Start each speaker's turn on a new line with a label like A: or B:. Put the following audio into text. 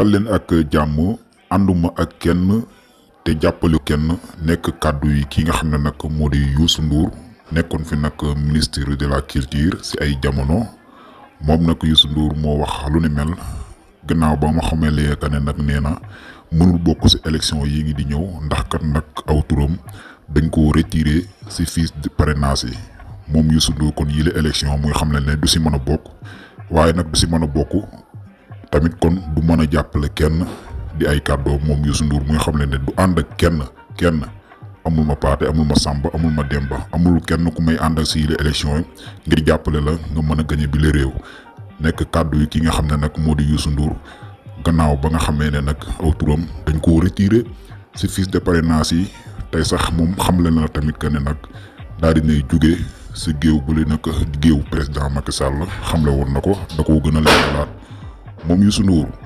A: dal leen ak jàmm ànduma ak kenn te jàppalu kenn nekk kàddu yi ki nga xam ne nag moo di Youssou Ndour nekkoon fi nag ministre de la culture ci ay jamono moom nag Youssou Ndour moo wax lu ne mel gannaaw ba ma xamee léegi ne nag nee na mënul bokk ci élection yi ngi di ñëw ndax kat nag aw turam dañ ko retiré ci fiche de parrainage yi moom Youssou Ndour kon yile élection muy xam ne ne du ci mën a bokk waaye nag du ci mën a bokk tamit kon du mën a kenn di ay cadeau mom Youssou Ndour muy nga ne du and ak kenn kenn amul ma paate amul ma samba amul ma demba amul kenn ku may and ak ngir la nga mën a bi le rew nek cadeau yi ki nga xam nak modi di Youssou Ndour gannaaw ba nga xamee ne nag aw turam dañ ko retirer ci fils de parrainage yi tey sax xam xamle na tamit ken ne nag daal di ney jóge si geew bu le nak geew président Macky Sall xam won nako da ko gëna Momio Sonoro